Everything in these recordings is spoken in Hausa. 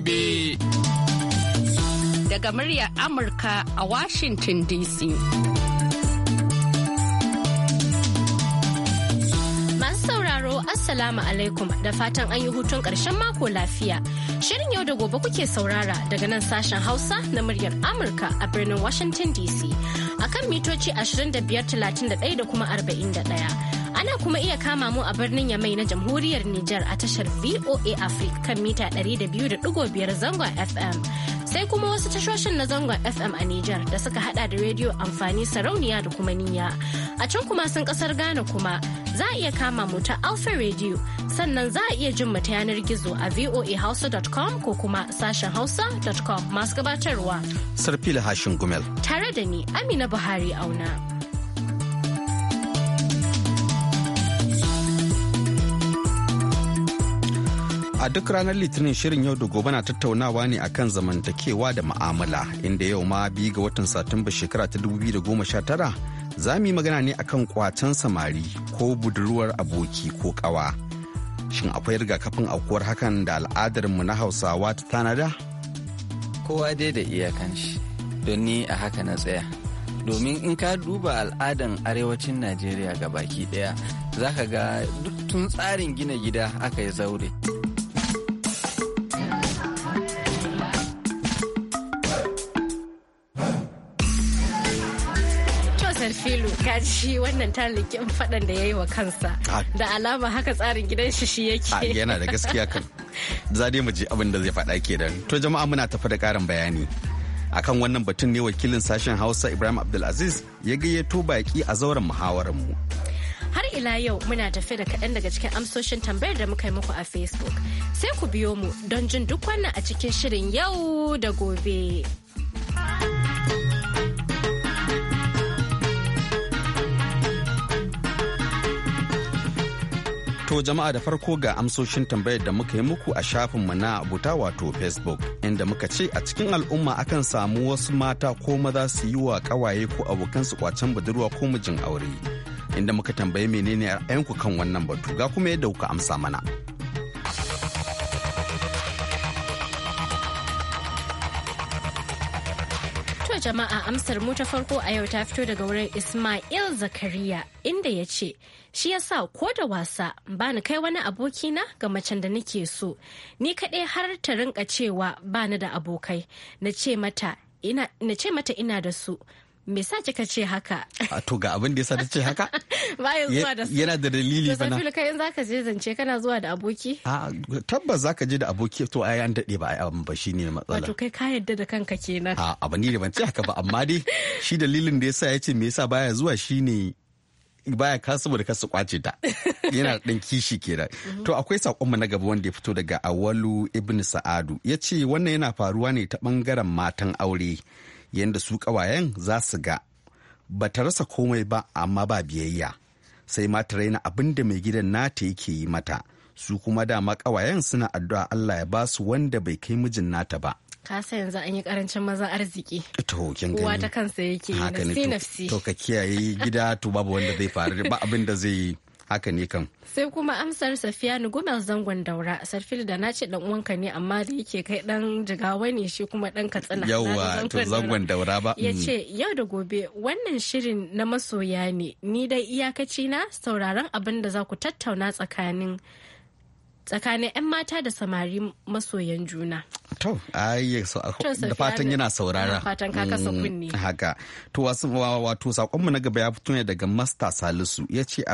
gobe. Daga muryar Amurka a Washington DC. Masu sauraro Assalamu alaikum da fatan an yi hutun ƙarshen mako lafiya. Shirin yau da gobe kuke saurara daga nan sashen Hausa na muryar Amurka a birnin Washington DC. akan mitoci 31 da kuma 41. Ana kuma iya kama mu a birnin Yamai na Jamhuriyar Nijar a tashar VOA Africa kan mita 200.5 zangon FM. Sai kuma wasu tashoshin na zangon FM a Nijar da suka hada da rediyo amfani sarauniya da kuma niyya. A can kuma sun kasar Ghana kuma za a iya kama mu ta Alpha Radio sannan za a iya jin ta yanar gizo a voahausa.com ko kuma sashen hausa.com masu gabatarwa. Sarfila Hashin Gumel. Tare da ni Amina Buhari Auna. A duk ranar Litinin shirin yau da gobe na tattaunawa ne akan zamantakewa da ma'amala inda yau ma biyu ga watan Satumba shekara ta 2019 za mu yi magana ne akan kwacen samari ko budurwar aboki ko kawa. Shin akwai rigakafin aukuwar hakan da al'adarmu na Hausawa ta tanada? Kowa dai da iyakan shi, don ni a haka na tsaya. Domin in ka duba al'adar arewacin Najeriya ga baki ɗaya, za ka ga duk tun tsarin gina gida aka yi zaure. kashi wannan talikin faɗan da ya yi wa kansa da alama haka tsarin gidan shi shi yake yana da gaskiya kan zade mu ji abin da zai faɗa ke dan to jama'a muna tafi da ƙarin bayani akan wannan batun ne wakilin sashen hausa ibrahim abdulaziz ya gayyato baki a zauren muhawarar mu har ila yau muna tafe da kaɗan daga cikin amsoshin tambayar da muka yi muku a facebook sai ku biyo mu don jin duk wannan a cikin shirin yau da gobe. To jama'a da farko ga amsoshin tambayar da muka yi muku a shafinmu na abuta wato Facebook inda muka ce a cikin al'umma akan samu wasu mata ko maza su yi wa kawaye ko abokansu kwacen budurwa ko mijin aure. Inda muka tambayi menene ra'ayinku kan wannan batu ga kuma yadda kuka amsa mana. jama'a amsar mu ta farko a yau ta fito daga wurin Ismail Zakariya inda ya ce, Shi sa ko da wasa ba ni kai wani abokina ga macen da nake so, ni kaɗai har ta rinka cewa ba ni da abokai, na ce mata ina da su, me sa kika ce haka to ga abin da yasa ta ce haka bayan zuwa da yana da dalili bana to kai in zaka je zance kana zuwa da aboki a tabbas zaka je da aboki to ai an dade ba ai abin ba shine matsala wato kai ka yadda da kanka kenan a abin ne ban ce haka ba amma dai shi dalilin da yasa yace me yasa baya zuwa shine baya ka saboda ka su kwace ta yana dan kishi kenan mhm. to akwai sakonmu na gaba wanda ya fito daga awalu ibn sa'adu ya ce wannan yana faruwa ne ta bangaren matan aure yadda su kawayen za su ga ba ta rasa komai ba amma ba biyayya sai ma ta raina abin da mai gidan nata yake yi mata su kuma dama kawayen suna addu'a Allah ya ba su wanda bai kai mijin nata ba kasa yanzu an yi karancin maza arziki to kin gani kowa ta kansa yake nafsi nafsi to ka kiyaye gida to babu wanda zai faru ba abin da zai yi haka ne kan. sai kuma amsar safiyanu gumel zangon daura sarfil da na ce dan uwanka ne amma da yake kai dan jigawa ne shi kuma dan katsina yawa to zangon daura ba ya mm. ce yau da gobe wannan shirin na masoya ne ni dai iyakaci na sauraron abin da za ku tattauna tsakanin tsakanin 'yan mata da samari masoyan juna. To, ayi da fatan yana saurara. Fatan ka kasa mm, kunne. Haka. To, wasu wato sakonmu na gaba ya fito ne daga Masta Salisu ya ce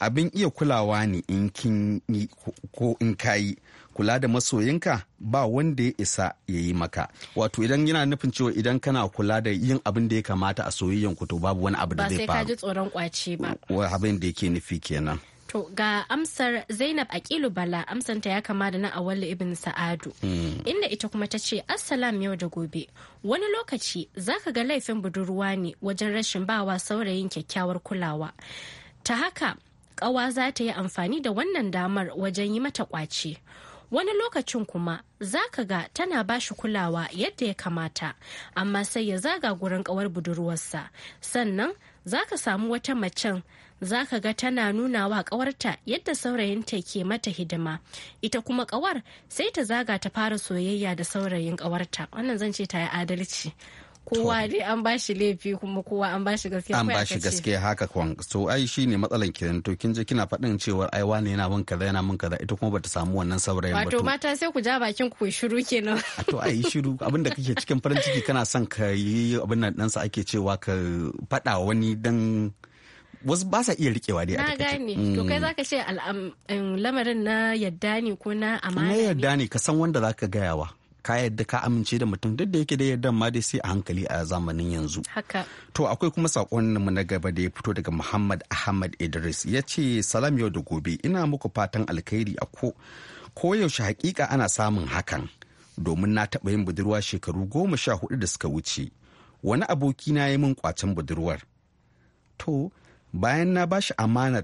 abin iya kulawa ne in kin yi ko in kayi kula da masoyinka ba wanda ya isa ya yi maka wato idan yana nufin cewa idan kana kula da yin abin da ya kamata a soyayyan to babu wani abu da zai faru ba sai ka ji tsoron kwace ba abin da yake nufi kenan To ga amsar Zainab Akilu Bala amsanta ya kama da na Awali Ibn Sa'adu. Hmm. Inda ita kuma ta ce Assalam yau da gobe. Wani lokaci za ka ga laifin budurwa ne wajen rashin bawa saurayin kyakkyawar kulawa. Ta haka kawa za ta yi amfani da wannan damar wajen yi mata kwace. Wani lokacin kuma za ka ga tana ba shi kulawa yadda ya kamata, amma sai ya zaga gurin kawar budurwarsa. Sannan za ka samu wata macen za ka ga tana nuna wa ƙawarta yadda saurayinta ke mata hidima ita kuma ƙawar sai ta zaga ta fara soyayya da saurayin ƙawarta wannan zan ce ta yi adalci kowa dai an ba shi laifi kuma kowa an ba shi gaskiya an ba shi gaskiya haka kwan so ai shi ne matsalan kenan to kin je kina faɗin cewar ai wane yana min kaza yana min kaza ita kuma bata samu wannan saurayin ba wato mata sai ku ja bakin ku shiru kenan to ai shiru abinda kake cikin farin ciki kana son ka yi abin nan ɗansa ake cewa ka faɗa wani dan wasu ba sa iya riƙewa dai a takaice. Na gane. Mm. To kai zaka ce lamarin na yadda ne ko na amana ne? Na yadda ne ka san wanda zaka gayawa. ka yadda ka amince da mutum duk da yake da yadda ma dai sai a hankali a zamanin yanzu. Haka. To akwai kuma sakon mu na gaba da ya fito daga Muhammad Ahmad Idris ya ce salam yau da gobe ina muku fatan alkhairi a ko yaushe hakika ana samun hakan domin na taɓa yin budurwa shekaru goma sha hudu da suka wuce wani abokina ya yi min kwacen budurwar. To bayan na ba shi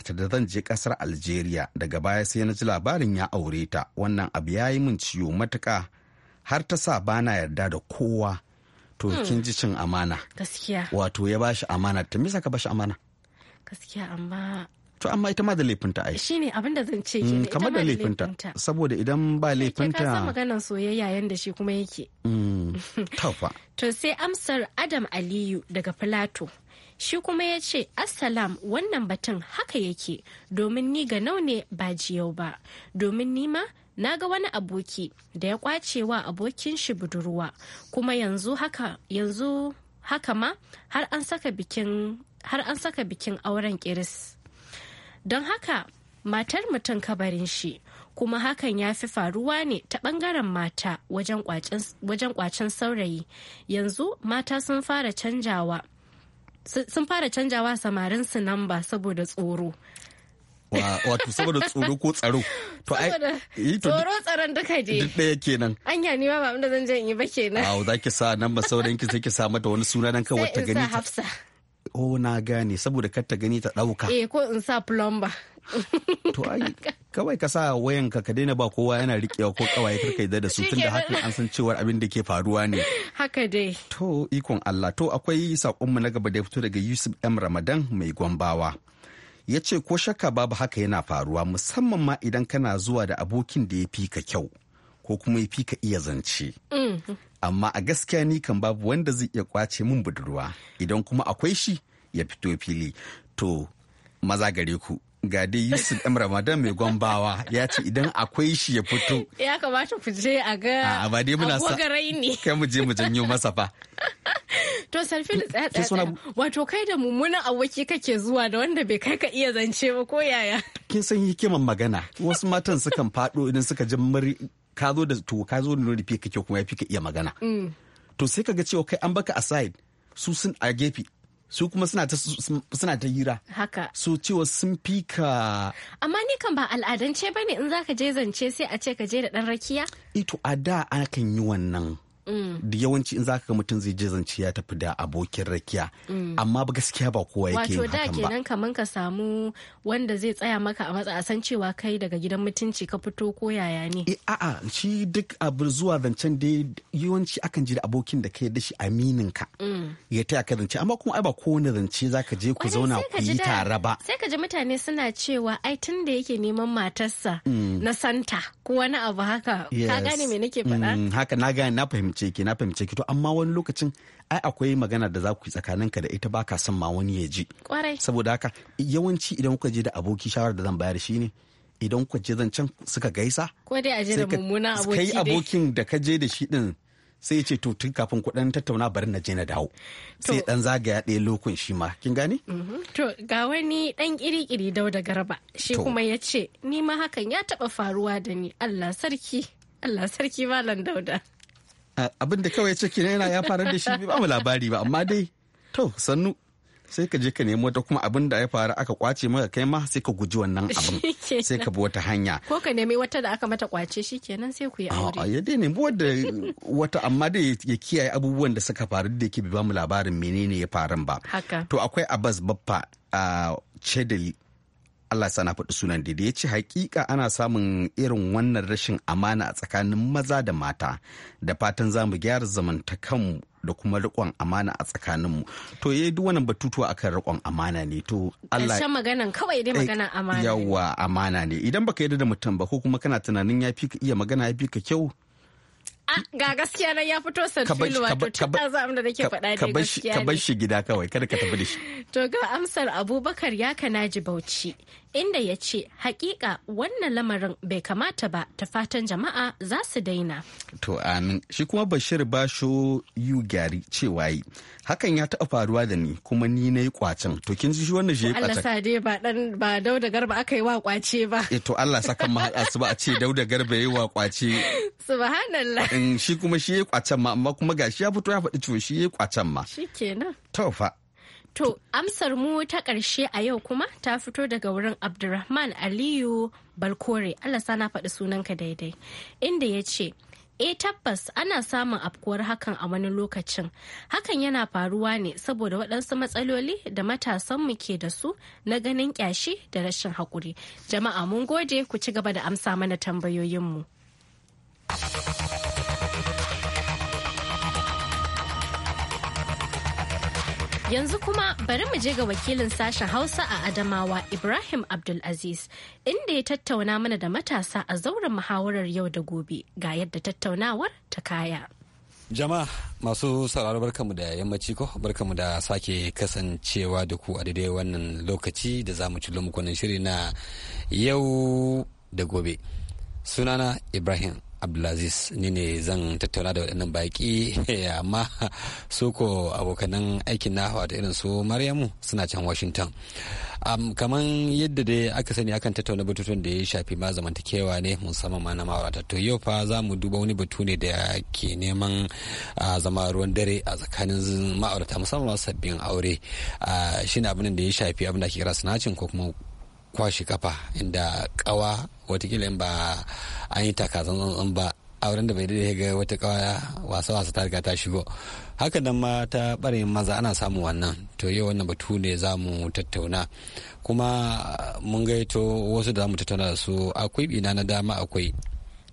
ta da zan je kasar algeria daga baya sai na ji labarin ya aure ta wannan abu ya yi min ciwo matuka har ta sa bana yarda da kowa to hmm. kin ji cin amana gaskiya wato ya ba shi amana ta misa ka ba shi amana gaskiya amma to amma ita ma da laifinta ai shine abin da zan ce hmm, ke kamar da laifinta saboda idan ba laifinta ka san maganar soyayya yanda shi kuma yake hmm, to sai amsar adam aliyu daga Plateau shi kuma ya ce assalam wannan batun haka yake domin ni ga naune ba jiyau ba domin ni ma na ga wani aboki da ya kwace wa abokin shi budurwa kuma yanzu haka yanzu haka ma har an saka bikin auren kiris don haka matar mutum kabarin shi kuma hakan ya fi faruwa ne ta bangaren mata wajen ƙwacen saurayi yanzu mata sun fara canjawa sun fara canjawa samarin su nan ba saboda tsoro wato saboda tsoro ko tsaro to ai eh, tsoro tsaron duka je duk daya kenan anya ni ma ba abinda zan je in yi ba kenan awo zaki sa nan ba sauran ki sai ki sa mata wani suna nan kawai ta gani sai in sa Hafsa oh na gane saboda kar ta gani ta dauka eh ko in sa plumber to ai kawai ka sa wayan ka ka daina ba kowa yana rikewa ko kawai ka yi da su tunda hakan an san cewar abin da ke faruwa ne haka dai to ikon Allah to akwai sakonmu na gaba da fito daga Yusuf M Ramadan mai gombawa ya ce ko shakka babu haka yana faruwa musamman ma idan kana zuwa da abokin da ya fi ka kyau ko kuma ya fi ka iya zance mm. amma a gaskiya ni kan babu wanda zai iya kwace min budurwa idan kuma akwai shi ya fito fili to maza gare ku ga dai yusuf ɗan ramadan mai gwambawa ya ce idan akwai shi ya fito ya kamata ku je a ga a ba dai muna sa ne kai mu je mu janyo masa fa to sarfil tsaya wato kai da mummunan aboki kake zuwa da wanda bai kai ka iya zance ba ko yaya kin san hikiman magana wasu matan sukan fado idan suka ji mari ka zo da to ka zo da rufe kake kuma ya fi ka iya magana mm. to sai ka ga cewa kai an baka aside su sun a gefe su kuma suna ta suna ta hira haka so cewa sun fi ka amma ni kan ba al'adance bane in zaka je zance sai a ce ka je da ɗan rakiya ito a da akan yi wannan da yawanci in zaka ga mutum zai je zance ya tafi da abokin rakiya amma ba gaskiya ba kowa yake yin hakan ba wato da kenan kaman ka samu wanda zai tsaya maka a matsa a san cewa kai daga gidan mutunci ka fito ko yaya ne eh, a'a shi duk abu zuwa zancen dai yawanci akan ji da abokin da kai da shi aminin ka mm. ya taya ka zance amma kuma ai ba kowane zance zaka je ku zauna ku yi tare ba sai ka ji mutane suna cewa ai tun da yake neman matarsa mm. na santa ko wani abu haka ka gane me nake faɗa mm, haka na gane na fahimci ce ke na fahimce ki to amma wani lokacin ai akwai magana da za ku yi tsakaninka da ita ba ka son ma wani ya ji saboda haka yawanci idan kuka je da aboki shawarar da zan bayar ne idan kuka je zancen suka gaisa ko dai a je da mummuna aboki kai abokin da ka je da shi din sai ya ce to tun kafin kuɗin tattauna bari na je na dawo sai dan zagaya ɗaya lokun shi ma kin gane mm-hmm. to ga wani dan kirikiri dauda garba shi kuma ya ce ni ma hakan ya taɓa faruwa da ni Allah sarki Allah sarki malam dauda abin da kawai ya ce kenan yana ya faru da shi ba mu labari ba amma dai to sannu sai ka je ka nemo ta kuma abin da ya faru aka kwace maka kai ma sai ka guji wannan abin sai ka bi wata hanya ko ka nemi wata da aka mata kwace shikenan sai ku yi aure ya dai nemi wata wata amma dai ya kiyaye abubuwan da suka faru da yake bi ba mu labarin menene ya faru ba to akwai abas baffa a chedeli Allah ya sana faɗi sunan da ya ce hakika ana samun irin wannan rashin amana a tsakanin maza da mata da fatan za mu gyara zamantakanmu da kuma riƙon amana a tsakaninmu to ya duk wannan batutuwa akan riƙon amana ne to Allah ya maganan kawai dai eh, maganan amana yawa amana ne idan baka yarda da mutum ba ko kuma kana tunanin ya fi iya magana ya fi ka kyau Ah, ga gaskiya na ya fito sanfil wato tun za zamu da nake faɗa da gaskiya ka bar shi gida kawai kada ka tafi da shi to ga amsar abubakar ya kana ji bauchi inda ya ce hakika wannan lamarin bai kamata ba ta fatan jama'a za su daina. To amin shi kuma Bashir Basho yu gyari cewa yi hakan ya taɓa faruwa da ni kuma ni na yi kwacin to kin ji shi wannan shi ya Allah Sade ba dan ba Dauda Garba aka yi wa kwace ba. E to Allah saka ma haɗa su ba a ce Dauda Garba ya yi wa kwace. Subhanallah. nan shi kuma shi ya kwacen ma amma kuma gashi ya fito ya faɗi cewa shi ya kwacen ma shi to fa to amsar mu ta ƙarshe a yau kuma ta fito daga wurin Abdulrahman Aliyu Balkore Allah sana faɗi sunanka daidai inda ya ce E tabbas ana samun afkuwar hakan a wani lokacin. Hakan yana faruwa ne saboda waɗansu matsaloli da matasanmu ke da su na ganin ƙyashi da rashin haƙuri. Jama'a mun gode ku ci gaba da amsa mana tambayoyinmu. Yanzu kuma bari mu je ga wakilin sashen Hausa a Adamawa Ibrahim Abdulaziz inda ya tattauna mana da matasa a zauren muhawarar yau da gobe ga yadda tattaunawar ta kaya. Jama'a masu sauraro barkamu da yammaci ko barkamu da sake kasancewa da ku a daidai wannan lokaci da za mu ci muku shiri na yau da gobe. Sunana Ibrahim abdulaziz ni ne zan tattauna da waɗannan baƙi eh, amma su ko abokanan aikin na wato irin su maryamu suna can washington um, kamar yadda dai aka sani akan tattauna batutun da ya shafi ma zamantakewa ne musamman ma na ma'aurata to yau fa za mu duba wani batu ne da ke neman zama ruwan dare a tsakanin ma'aurata musamman ma sabbin aure shine abin da ya shafi abin da ke kira sinacin ko kuma kwashi kafa inda kawa watakila in ba an yi zanzan ba auren da bai daidai ga wata kawaya wasa wasa ta riga ta shigo haka nan ma ta barin maza ana samun wannan to yau wannan batu ne za mu tattauna kuma mun gaito wasu da za mu tattauna da su akwai bina na dama akwai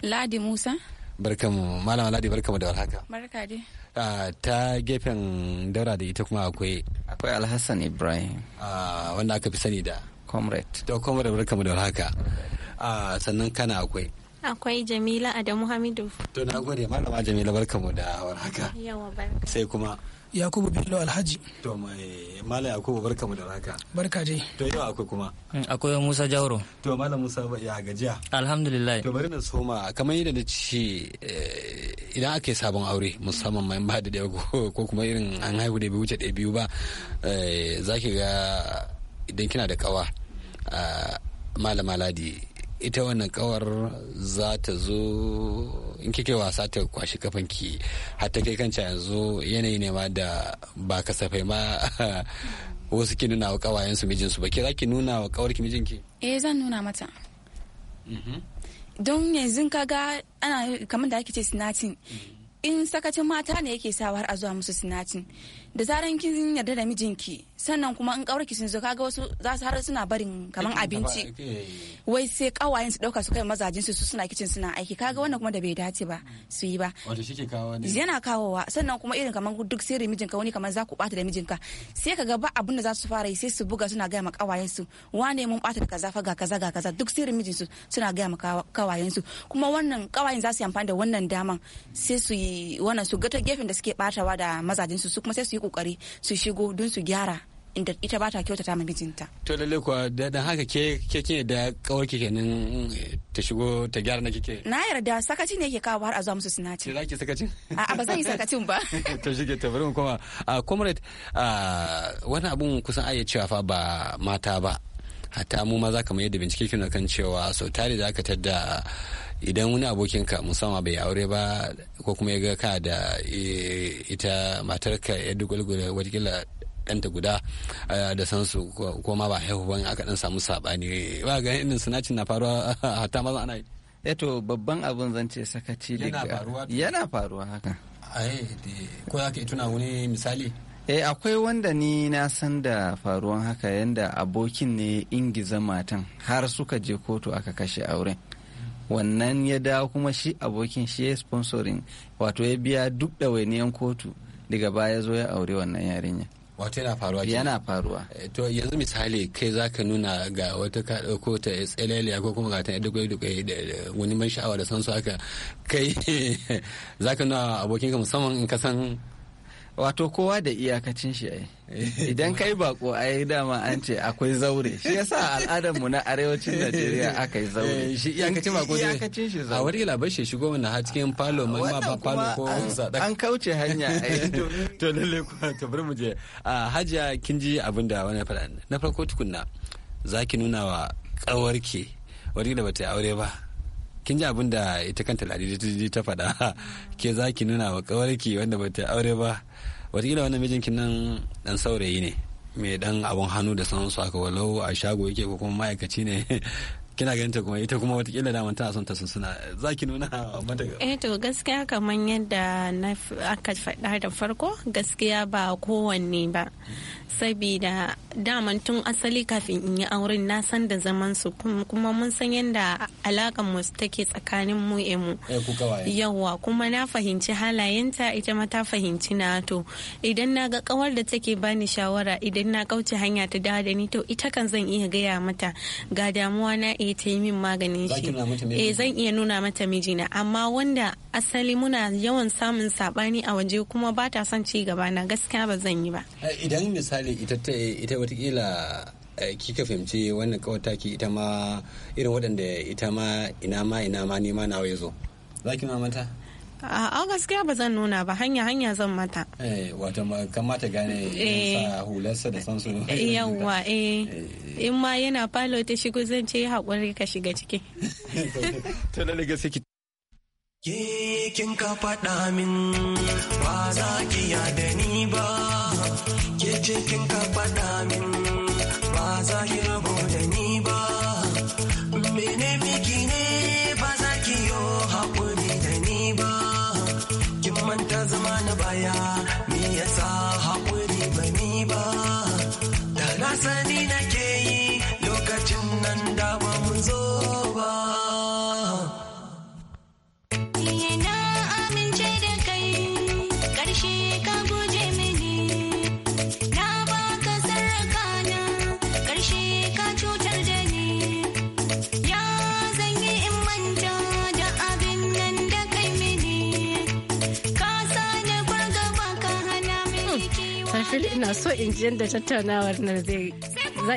ladi musa barkamu malama ladi barkamu da warhaka barka dai ta gefen daura da ita kuma akwai akwai alhassan ibrahim wanda aka fi sani da comrade to comrade barkamu da warhaka haka. sannan kana akwai akwai jamila adamu hamidu to na gode malama jamila barkamu da warhaka yawa barka sai kuma yakubu bello alhaji to mai malam yakubu barkamu da warhaka barka dai to yau akwai kuma mm, akwai musa jauro to malam musa ya gajiya alhamdulillah to bari na soma kamar yadda na ce eh, idan aka yi sabon aure musamman mai ba da dago ko kuma irin an haihu da bai wuce ɗaya biyu ba eh, zaki ga idan kina da kawa ah, malama ladi ita wannan kawar za ta zo in kike wasa ta kwashi kafanki hatta kai kanca yanzu yanayi ne ma da ba kasafai ma wasu ki nuna wa kawayensu mijinsu ba ki za ki nuna wa ki mijinki eh zan nuna mata mhm. don yanzu kaga ana kamar da ake ce sinatin mhm. in sakacin mata ne yake sawa har a zuwa musu sinatin da zaran kin yarda da mijinki sannan kuma in kaurarki sun zo kaga wasu za su har suna barin kaman abinci eh, eh. wai sai kawayen su dauka su kai mazajin su suna kicin suna aiki kaga wannan kuma da bai dace ba su yi ba wato shike kawo ne yana kawowa sannan kuma irin kaman duk sirri mijinka wani kaman za ku bata da mijinka sai kaga ba abin da za su fara yi sai su buga suna gaya ma kawayen su wane mun bata da kaza fa ga kaza ga kaza duk sirri mijin su suna gaya ma kawayen su kuma wannan kawayen za su yi amfani da wannan daman sai su yi wannan su ga ta gefen da suke batawa da mazajin su su kuma sai su yi kokari su shigo don su gyara inda ita ba ta kyautata ma mijinta. To lalle kuwa da haka ke ke ke da ke kenan ta shigo ta gyara na kike. Na yarda sakacin ne yake kawo har a zuwa musu sinacin. Ki sakacin? A ba zan yi sakacin ba. To shige ta bari mu koma. Ah, comrade ah, wani abun kusan ayyacewa fa ba mata ba hatta mu ma za ka yadda bincike ke kan cewa sau tare da aka tadda idan wani abokinka musamman bai aure ba ko kuma ya ga ka da e, ita matarka ya dugulgula wajen ɗanta guda da sansu ko ma ba haihuwan aka ɗan samu saɓani ba ga irin sinacin na faruwa hatta ma ana yi. eto eh babban abin zan ce sakaci faruwa. yana faruwa haka. ai ko za tuna wani misali eh akwai wanda ni na san da faruwan haka yanda abokin ne ingiza matan har suka je kotu aka kashe auren wannan ya dawo kuma shi abokin shi ya sponsorin wato ya biya duk ɗawainiyan kotu daga baya zo ya aure wannan yarinya wato yana faruwa yana faruwa eh, to yanzu misali kai zaka nuna ga wata ka ta tsalele ko kuma ga ta dukai da wani ban sha'awa da san su haka kai zaka nuna abokin ka musamman in ka san wato kowa da iyakacin shi ai eh. idan kai bako ai dama an ce akwai zaure shi yasa al'adar mu na arewacin Najeriya aka yi zaure eh, shi iyakacin bako iyakacin shi zaure a wari labar shi shigo mana har cikin falo mai ma ba palo ko zadak an kauce hanya ai to lalle to bari mu je hajiya kin ji abinda wani faɗa na farko tukunna zaki nuna wa kawarki wari da bata aure ba kin ji abin da ita kanta ladidi ta faɗa ke za ki nuna wa kawarki wanda bata aure ba wataƙila wannan mijinki nan dan saurayi ne mai dan abun hannu da sanansu haka walau a shago yake ko kuma ma'aikaci ne kina ganin ta kuma ita kuma watakila daman tana son ta sun suna za ki nuna mata eh to gaskiya kamar yadda na aka faɗa da farko gaskiya ba kowanne ba sabida daman tun asali kafin in yi auren na san da zaman su kuma mun san yadda alakan mu take tsakanin mu e mu eh, yawa kuma na fahimci halayen ta ita ma ta fahimci na to idan na ga kawar da take bani shawara idan na kauce hanya ta dawo da ni to ita kan zan iya gaya mata ga damuwa na iya ta yi min maganin shi eh zan iya nuna mata mijina amma wanda asali muna yawan samun sabani a waje kuma ba ta son ci gaba na gaskiya ba zan yi ba eh, idan misali ita ta ita watakila eh, ka fahimci wannan kawai taki ita ma irin waɗanda ita ma ina ma ina ma nema nawa ya zo za ki mata a gaskiya ba zan nuna ba hanya hanya zan mata eh wato kamata gane eh. sa hularsa da sansu eh, yawa eh. eh in ma yana falo ta shigo zan ce haƙuri ka shiga ciki to da gaske ki ke kin ka faɗa min ba za ki ya da ni ba ke ce kin ka faɗa min ba za ki rabo da ni ba mene miki yeah. so in ji yadda tattaunawar nan zai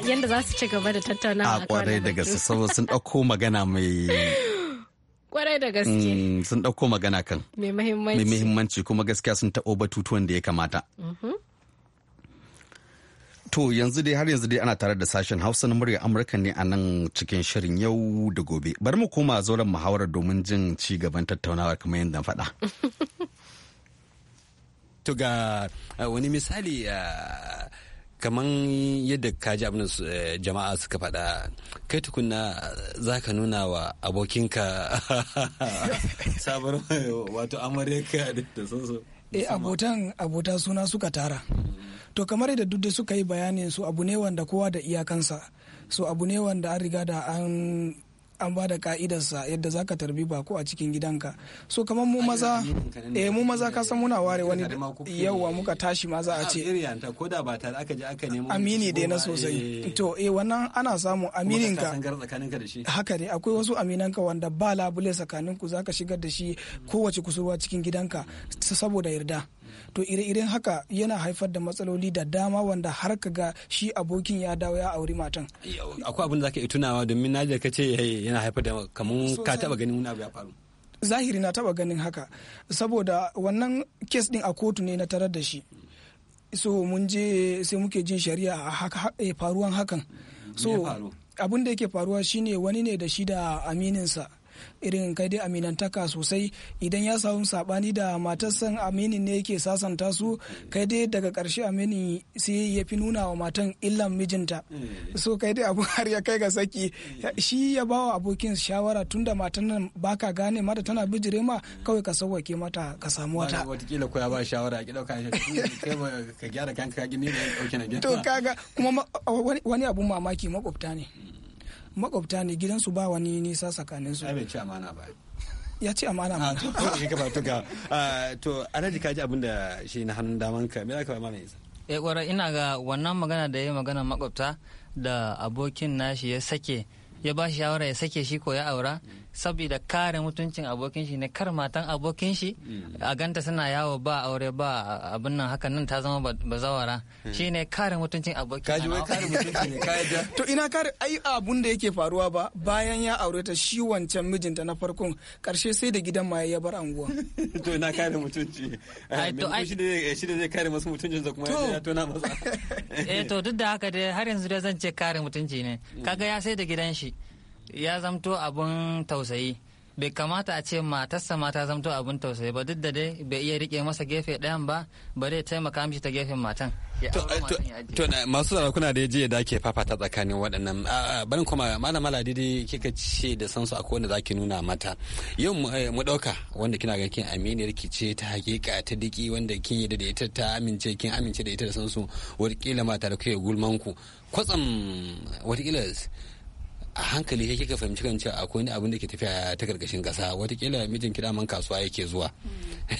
yadda za su ci gaba da tattaunawa a kwarai da gaske saboda sun ɗauko magana mai kwarai da gaske mm, sun ɗauko magana kan mai muhimmanci kuma gaskiya sun taɓo batutuwan da ya kamata mm-hmm. To yanzu dai har yanzu dai ana tare da sashen Hausa na murya Amurka ne a nan cikin shirin yau da gobe. Bari mu koma zauren muhawarar domin jin ci gaban tattaunawar kamar yadda faɗa. to ga wani misali kamar yadda kaji abin eh, jama'a suka faɗa kai tukuna za ka nuna wa abokinka sabar wato amurka da sansu e eh, abotan abota suna suka tara to kamar yadda duk da suka yi bayanin su abu ne wanda kowa da iyakansa so abu ne wanda an riga da an an ba da ka'idarsa yadda za ka tarbi bako a cikin gidanka so kamar mu maza eh mu maza ka san muna ware wani yawa muka tashi ma za a ce ah, amini dai na sosai eh. to eh wannan ana samu aminin ka haka ne akwai wasu aminan ka wanda ba labule tsakaninku zaka shigar da shi kowace kusurwa cikin gidanka saboda yarda to ire-iren haka yana haifar da matsaloli da dama wanda har ka ga shi abokin ya dawo ya auri matan akwai abin da zaka iya tunawa domin na ka ce yana haifar da kamun ka taba ganin wani abu ya faru zahiri na taba ganin haka saboda wannan kes din a kotu ne na tarar da shi so mun je sai muke jin shari'a a eh, faruwan hakan so abin da yake faruwa shine wani ne da shi da amininsa irin kai dai aminantaka sosai idan ya samu sabani da matar san aminin ne yake sasanta su kai dai daga karshe aminin sai ya fi nuna wa matan illan mijinta so kai dai abu har ya kai ga saki shi ya ba wa abokin shawara tunda matan nan baka gane mata tana bijire ma kawai ka sauwake mata ka samu wata watakila ko ya ba shawara a kiɗa kai ba ka gyara kanka ka gini da ɗauki na to kaga kuma wani abun mamaki makwabta ne makwabta ne gidansu ba wani nisa tsakanin su ai amana ba ya ci amana ma ah, to ka ba to ah, to alhaji ka ji abin da shi na hannun daman ka me ka ba mana yasa eh kwarai ina ga wannan magana da ya magana makwabta da abokin nashi ya sake ya ba shi shawara ya sake shi ko ya aura saboda kare mutuncin abokin shi ne kar matan abokin shi mm. a ganta suna yawo ba aure ba abin nan hakan nan ta zama bazawara hmm. shi ne kare mutuncin abokin kaji wai kare mutuncin ne to ina kare ai abun da yake faruwa ba bayan ya aure ta shi wancan mijinta na farkon karshe sai da gidan maye ya bar anguwa to ina kare mutunci to ai shi da zai kare masu mutuncin da kuma ya tona masa eh to duk da haka dai har yanzu dai zan ce kare mutunci ne hmm. kaga ya sai da gidan shi ya zamto abun tausayi bai kamata a ce matarsa ma ta zamto abun tausayi ba duk da dai bai iya rike masa gefe ɗayan ba ba zai taimaka mishi ta gefen matan to masu tsara kuna da jiya da ake fafata tsakanin waɗannan barin kuma malam maladi dai kika ce da san su akwai wanda zaki nuna mata yau mu eh, ɗauka wanda kina ga kin amini ki ce ta hakika ta diki wanda kin yi da ita ta amince kin amince da ita da san su wata mata da kai gulman ku kwatsam wata a hankali sai kika fahimci kan cewa akwai wani abin da ke tafiya ta karkashin kasa watakila mijin ki man kasuwa yake zuwa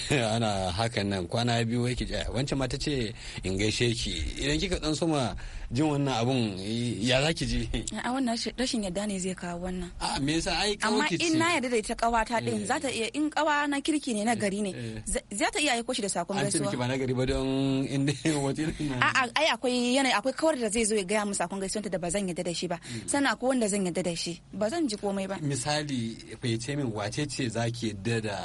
ana hakan nan kwana biyu yake ja wancan ma ta ce in gaishe ki idan kika dan soma jin wannan abun ya za ki ji a wannan rashin yadda ne zai kawo wannan a me yasa ai amma in na yadda da ita kawata din eh. za ta iya in kawa na kirki ne na gari ne eh, eh. za ta iya aiko shi da sakon gaisuwa an ce ba na gari ba don in wata a a ai akwai yanayi akwai kawar da zai zo ya gaya mu sakon gaisuwa da ba zan yadda da shi ba hmm. sannan akwai wanda zan yadda da shi ba zan ji komai ba misali fayyace min wace ce za ki yadda da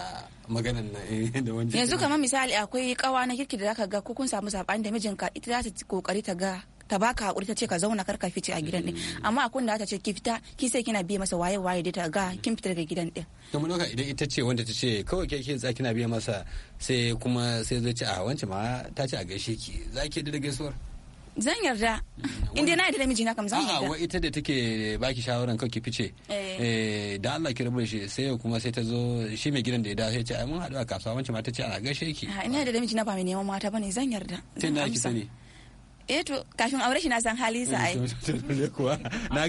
maganan na da wani yanzu kamar misali akwai kawa na kirki da zaka ga ko kun samu sabani da mijinka ita za ta kokari ta ga ta baka hakuri ta ce ka zauna kar ka fice a gidan din amma akwai da ta ce ki fita ki sai kina biye masa waye waye dai ta ga kin fita daga gidan din to mun idan ita ce wanda ta ce kawai ke kin kina biya masa sai kuma sai zai ce a ah, wancan ma ta ce a gaishe ki za ki da gaisuwar zan yarda mm-hmm. inda na da da mijina kam zan yarda a ita da take baki shawaran ki fice eh. eh da Allah ki rubuce shi sai kuma sai ta zo shi mai gidan da ya dace ce ai mun haɗu a kasuwa wancan ma ta ce a gaishe ki ina da da mijina ba mai neman mata bane zan yarda tunda ki sani eh to kafin aure shi na san halinsa ai kuwa na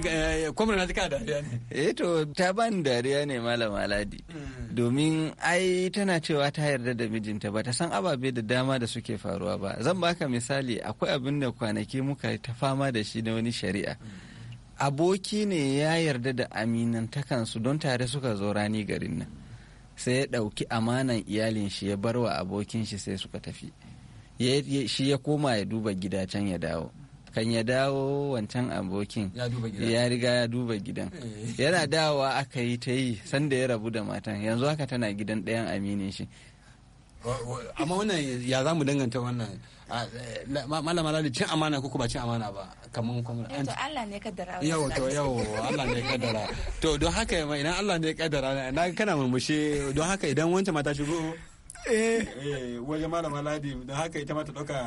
kuma eh, na ka dariya ne eh to ta bani dariya ne malam aladi. Hmm. domin ai tana cewa ta yarda da mijinta ba ta san ababe da dama da suke faruwa ba zan baka misali akwai abin da kwanaki muka ta fama da shi na wani shari'a hmm. aboki ne ya yarda da aminantakansu don tare suka zo rani garin nan sai ya ɗauki amanan iyalin shi ya bar wa abokin shi sai suka tafi shi ya koma ya duba gida can ya dawo kan ya dawo wancan abokin ya riga ya duba gidan eh. yana dawowa aka yi ta yi sanda ya rabu da matan yanzu haka tana gidan ɗayan aminin shi amma wannan ya za mu danganta wannan malama lali cin amana ko ba cin amana ba kamar kuma eh, to Allah ne kaddara yau to yau Allah ne kaddara to don haka idan Allah ne kaddara na kana murmushe don haka idan wancan mata shigo eh, eh wajen malama ladi don haka ita ma ta ɗauka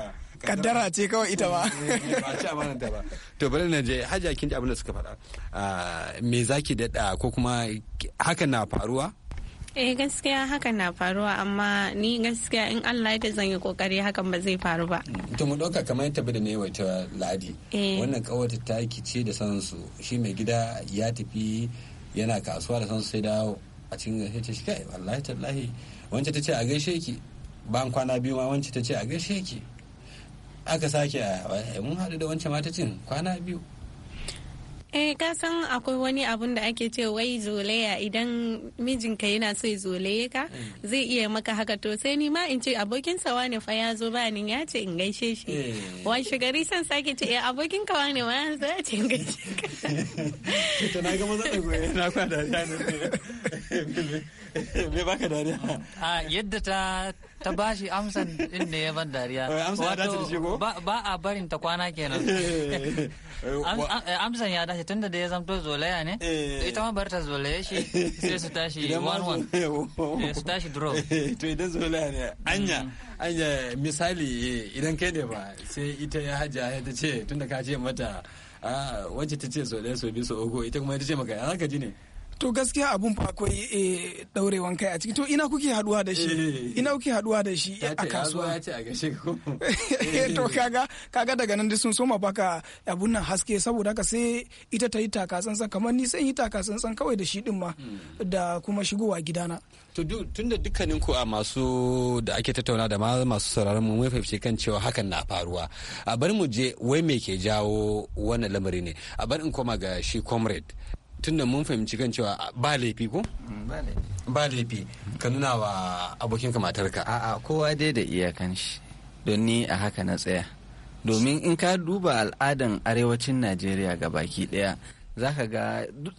kaddara ce kawai ita eh, eh, ba ba ci amanar ta ba to bari na je hajji a ji abinda suka faɗa ah, me zaki daɗa ko kuma hakan na faruwa eh gaskiya hakan na faruwa amma ni gaskiya in Allah ya zan yi kokari hakan ba zai faru ba mm. to mu dauka kamar yadda da ne wata ladi wannan kawata ta kice da san su shi mai gida ya tafi yana kasuwa da san sai dawo a cikin gaske ta shi kai wallahi tallahi wancan ta ce a gaishe ki ban kwana biyu ma wancan ta ce a gaishe ki aka sake a mun haɗu da wancan matacin kwana biyu Eh ka san akwai wani abun da ake ce wai zolaya idan mijinka yana so ya zolaye ka mm. zai iya maka haka to sai ni ma in ce abokin sa wani fa ya zo ba ya ce in gaishe shi eh. washe gari san sake ce eh abokin ka wani ma ya ya ce in gaishe ka to na ga maza da goye na kwa ne me baka a ah, yadda ta ta ba shi amsan din ne ya ban dariya eh, wato ba a barin ta kwana kenan eh, eh, amsan ya dace tunda da ya zamto zolaya ne ita ma barta zolaya shi sai su tashi one one su tashi draw to idan zolaya ne anya mm. anya misali idan kai ne ba sai ita ya hajja ta ce tunda ka ce mata ah, wacce ta ce zolaya so biyu so uku ita kuma ta ce maka ya zaka ji ne to gaskiya abun fa akwai eh, daurewan kai a ciki to ina kuke haduwa da shi eh. ina kuke haduwa da shi a kasuwa ya ce a to kaga kaga daga nan sun soma baka abun nan haske saboda ka sai ita ta yi taka kamar ni sai yi taka tsantsan kawai da shi din ma hmm. da kuma shigowa gidana to tunda dukkanin ku a masu da ake tattauna da masu sauraron mu mun fahimci kan cewa hakan na faruwa a bari mu je wai me ke jawo wannan lamari ne a bari in koma ga shi comrade tunda mun fahimci kan cewa ba laifi ko mm, ba laifi ka nuna wa abokinka matarka a'a kowa dai da iyakan shi don ni a haka na tsaya domin in ka duba al'adan arewacin najeriya ga baki ɗaya. za ka ga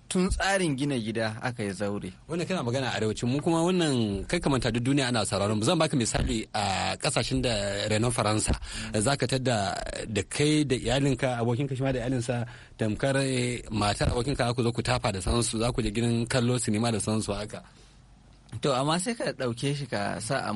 tun tsarin gina gida aka yi zaure. Wannan kana magana a arewacin mu kuma wannan kai manta duk duniya ana sauraron mu zan baka misali a kasashen da renon faransa za ka tada da kai da iyalinka abokinka shi ma da iyalinsa tamkar eh, matar abokinka ku zo ku tafa da sansu za ku je ginin kallo sinima da sansu haka. To amma sai ka ɗauke shi ka sa a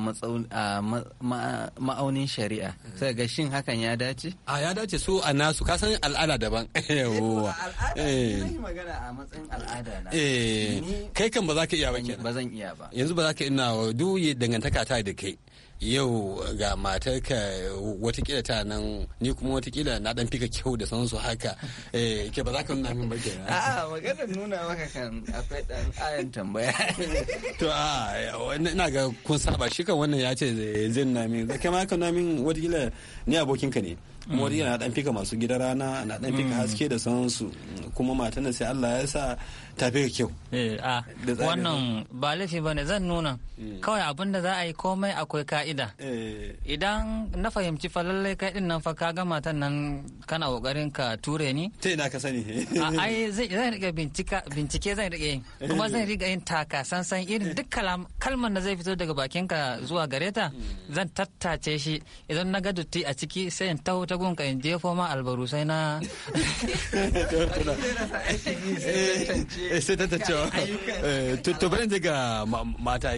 ma'aunin shari'a sai ga shin hakan ya dace? A ya dace su a nasu ka san al'ada daban. Eh, Yawwa. Al'ada eh. magana a matsayin eh. Kai kan ba za ka iya ba Ba zan iya ba. Yanzu ba za ka ina duk dangantaka ta da kai. yau ga matarka watakila ta nan ni kuma watakila na dan fika kyau da sansu haka eh ke ba za ka nuna min ba kenan a'a magana nuna maka kan akwai dan ayan tambaya to a ina ga kun saba shi kan wannan ya ce zai nuna min kai ma ka nuna min watakila ni abokin ka ne kuma mm. watakila na dan fika masu gidan rana na dan fika mm. haske da sansu kuma matan sai Allah ya sa ta fika kyau. Eh a wannan ba laifi bane zan nuna mm. kawai abinda za a yi komai akwai ka ka'ida eh. idan na fahimci fa lallai kai din nan fa ka ga matan nan kana kokarin ka ture ni ta ina ka sani ai zan rika bincika bincike zan rike yin kuma zan rika yin taka sansan irin duk kalmar da zai fito daga bakin ka zuwa gare ta zan tattace shi idan na ga dutti a ciki sai in taho ta gunka in jefo ma albaru eh, sai na sai tantancewa to bari ga mata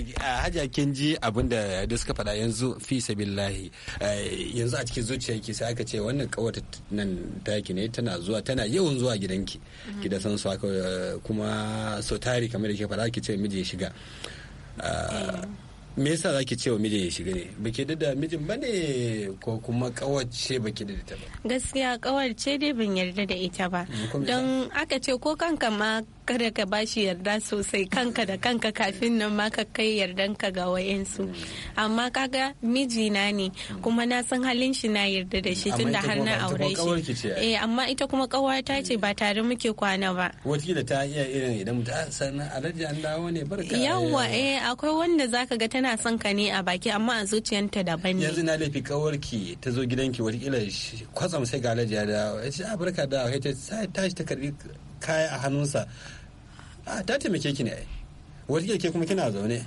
hajiya kin ji abinda da suka faɗa yanzu fi sabillahi eh, yanzu a cikin zuciyarki sai aka ce wannan kawata nan taki ne tana zuwa tana yawan zuwa gidanki mhm. ki da san su haka eh, kuma so tari kamar da ke fara ki ce miji ya shiga eh. me yasa zaki ce wa mijin ya shiga ne baki da da mijin ba ne ko kuma kawace baki da ita ba gaskiya kawarce dai ban yarda da ita ba mm, don aka ce ko kanka ma kada ka bashi yarda sosai kanka da kanka kafin nan ma ka kai ka ga wayansu amma kaga mijina ne kuma na san halin shi na yarda da shi tunda har na aure shi eh amma ita kuma ta ce ba tare muke kwana ba da ta iya irin idan mutum sannan alhaji an dawo ne barka yawa eh akwai wanda zaka ga tana son ka ne a baki amma a zuciyanta daban ne yanzu na laifi kawarki ta zo gidanki watakila kwatsam sai ga alhaji ya dawo ya ce a ah, barka da ta tashi ta karbi kaya a hannunsa Ah, ta taimake ki ne ai wata ke kuma kina zaune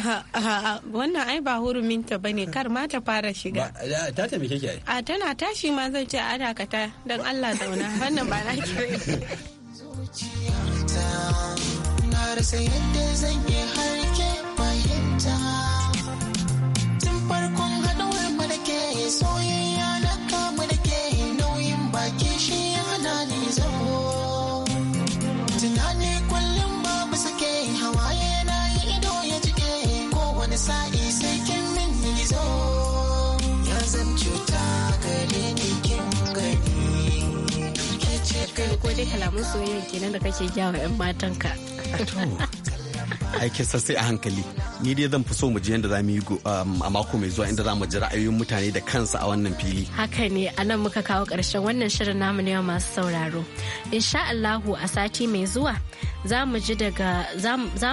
ah, ah, wannan ai ba huruminta ba ne kar ma ta fara shiga ta taimake ki ai a tana tashi ma zan ce a dakata don allah zauna wannan ba na kire na rasa yadda zan yi harke fahimta dai kalaman soyayya kenan da kake gyawa 'yan matan ka. aikin sassai a hankali ni dai zan fi so mu je yadda za mu yi um, a mako mai zuwa inda za mu ji ra'ayoyin mutane da kansa a wannan fili haka ne a nan muka kawo ƙarshen wannan shirin namu ne masu sauraro insha Allahu a sati mai zuwa za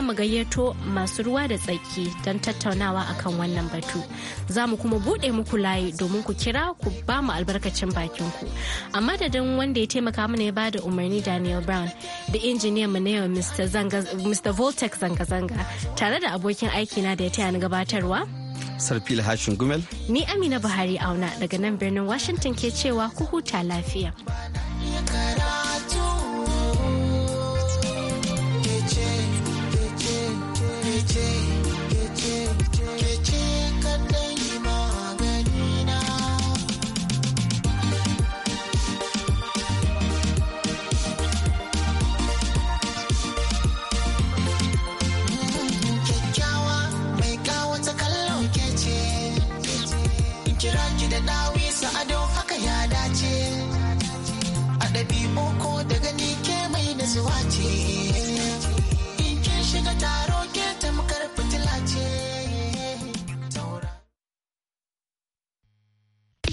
mu gayyato masu ruwa da tsaki don tattaunawa akan wannan batu za mu kuma buɗe muku layi domin ku kira ku ba mu albarkacin bakinku ku a madadin wanda ya taimaka mana ya ba da umarni daniel brown da injiniyan mu na yau mr voltex zanga-zanga tare da abokin aikina da ya taya ni gabatarwa sarfil hashin gumel ni amina buhari auna daga nan birnin washington ke cewa ku huta lafiya